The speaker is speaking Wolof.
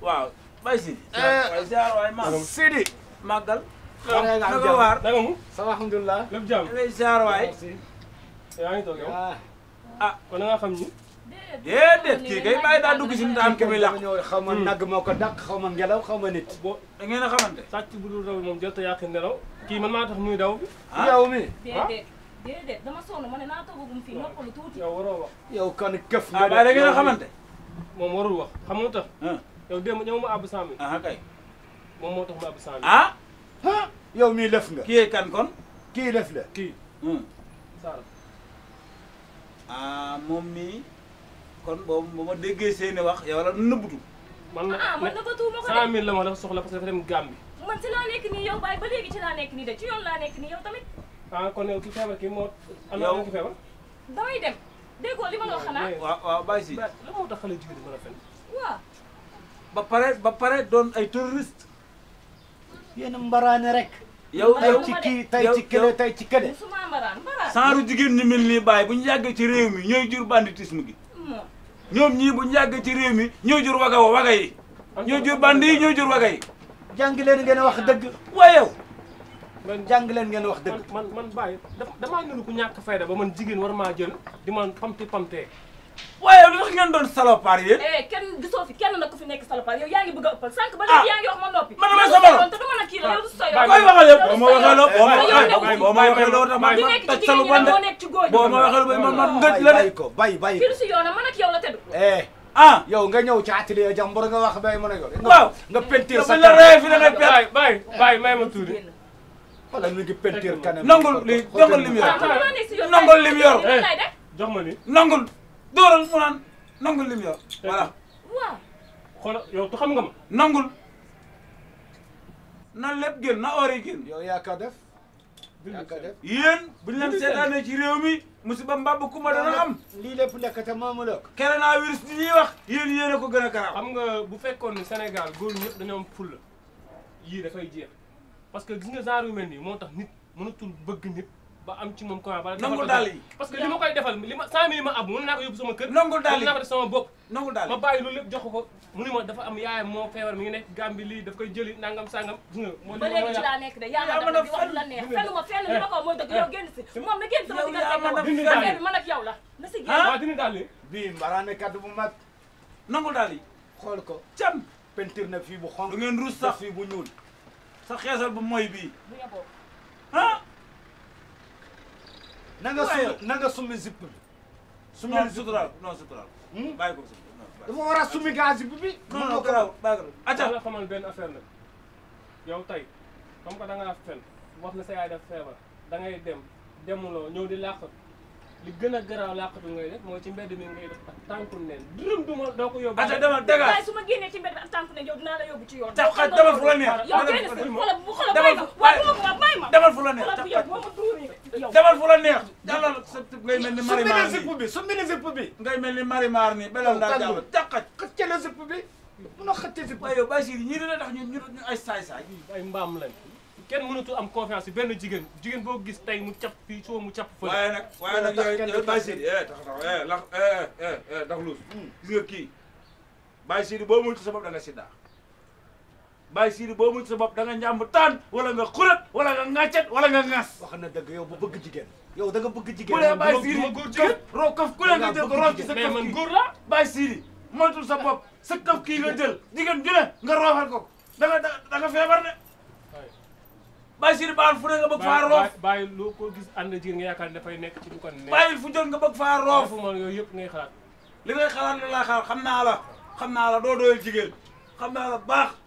waaw bay si waay ma waay maam Sidi màggal naka waar naka mu sama alhamdulilah lépp jàmm lay ziar ah, waay yaa ngi toog yow ah. Ah. xam ni déedéet kii kay bàyyi daa dugg si ntaan ki muy làq xaw ma hmm. nag moo ko dàq xaw ma ngelaw xaw ma nit bo da ngeen a xamante sàcc bu dul raw moom jël te yàqi nelaw kii man maa tax muy daw bi yow mi déedéet dama sonn ma ne naa toogagum fii noppalu tuuti yow waroo wax yow kan këf nga da ngeen a xamante moom warul wax xam nga tax yow démb ñëw ma moom moo tax ma àbb cent ah. ah yow mii lëf nga. kii kan kon. kii lëf la kii. Hmm. Saara. ah moom mii kon boobu ba ma déggee seeni wax yow la nëbbutu. man la ah man ko de cent mille dem Gàmbi. man ci laa nekk nii yow bàyyi ba léegi ci laa nekk nii de ci yoon laa nekk nii yow tamit. ah kon yow ki feebar kii moo. am na ki feebar. damay dem déggoo li ma loo ah, xanaa. waaw waaw bàyyi si. lu moo tax xale jigéen mën a fen. waaw. ba pare ba pare doon ay terroriste yéen mbaraane rek. yow yow tey ci kii tey ci kële tey ci kële. saaru jigéen ñi mel nii bàyyi bu ñu yàggee ci réew mi ñooy jur banditisme gi. ñoom ñii bu ñu yàggee ci réew mi ñooy jur waga waga yi. ñooy jur bandi yi ñooy jur waga yi. jàng leen ngeen wax dëgg. waaye jàng leen ngeen wax dëgg. man man bàyyi damaa nunu ku ñàkk fayda ba man jigéen war maa jël di man pamti pamtee. waaye ngeen doon salopard yéen. Eh, kenn gisoo fi kenn nag ku fi nekk salopard yow yaa ngi bëgg a ëppal sànq ba léegi ah. yaa ngi wax ma noppi. man damay sama lool te du mën a kii la ah. yow sa yoon. koy waxal yow boo ma waxee loo boo ma waxee boo ma waxee loo tax ma toj sa lu bon de boo ma waxee loo man man ngëj la de. bàyyi ko bàyyi bàyyi ko. firisi yoona man ak yow la teddu. Eh. ah yow nga ñëw ci atelier jàmbur nga wax bay ma ne ko. waaw nga pentir sa kanam la fi da ngay pent. bàyyi bàyyi may ma tuuti. wala ñu ngi pentir kanam. nangul li nangul lim ah, yor nangul lim yor. Eh. jox ma ni nangul dóoral mu naan nangul lim yow voilà. waaw. yow tu xam nga ma. nangul. na lépp génn na oor yi génn. yow yaa ka def. yaa ka bu ñu leen ci réew mi musiba mbab kuma dana am. lii lépp lekk te moomu la. coronavirus bi ñuy wax. yéen yéen ko gën a garaaw. xam nga bu fekkoon ni Sénégal góor ñëpp dañoo am fulla yii dafay jeex parce que gis nga genre yu mel nii moo tax nit mënatul bëgg nit. ba am ci moom comment ba nangul daal yi parce que li ma koy defal li ma cent mille ma ab mën naa ko yóbbu sama kër nangul daal yi naa ko def sama bopp nangul daal ma bàyyi loolu lépp jox ko mu ne ma dafa am yaayam moo feebar mi ngi nekk gambi lii daf koy jëli nangam sangam gis nga moo ba léegi ci laa nekk de yaa ma def wax la neex fenn ma fenn li ma ko mooy dëgg yow génn si moom na génn sama diggante man ak yow la na si génn ah, waaw dina daal yi bii mbaraane kaddu bu mag nangul daal yi xool ko cam peinture na fii bu xonq du ngeen rus sax fii bu ñuul sa xeesal bu mooy bii na nga summi na nga summi zipp bi. summi non suturaal non suturaal. bàyyi ko dafa war a summi gaa zipp bi. non non garaaw bàyyi ko acca la xamal benn affaire la yow tey comme que da ngaa fen wax na sa yaay def feebar da ngay dem demuloo ñëw di làq li gën a garaaw làq bi ngay def mooy ci mbedd mi ngay def ak tànku neen dërëm du ma doo ko yóbbu. acca demal dëgg waaye su ma génnee ci mbedd bi ak tànku neen yow dinaa la yóbbu ci yoon. dafa demal fu la neex yow génn si xoolal bu xoolal bàyyi ma waaye bu ma bàyyi ma demal fu la neex xoolal bu yow boo ma duuree demal fu la neex. jàllal sa ngay mel ni marimar nii su bi su mel ni zipp bi. ngay mel ni marimar nii belal daal jàll càqaj la zipp a xëcce zipp waaye yow ñu ñu ay saay-saay ay mbaam lañ kenn mënatu am confiance benn jigéen jigéen boo gis tey mu cap fii soo mu cap fële waaye nag waaye nag yooyu Bachir eh, tax eh, eh, hmm. boo mëntu sa bopp da nga siddaa Baye Siri boo mujj sa bopp da nga taan wala nga xurat wala nga ŋàccet wala nga ŋas. wax na dëgg yow bu bëgg jigéen. yow da nga bëgg jigéen. ku lee Baye Siri roo kaf ku lee nga jël ko roof ci sa kaf kii Baye Siri moytul sa bopp sa kaf kii nga jël jigéen ju ne nga roofal ko da nga da nga feebar de. Baye baal fu ne nga bëgg faa roof bàyyi loo koo gis ànd jigéen nga yaakaar dafay nekk ci lu ko neex. bàyyi fu jël nga bëgg faa roof moom yooyu yëpp ngay xalaat. li ngay xalaat la laa xalaat xam naa la xam naa la doo doyal jigéen xam naa la baax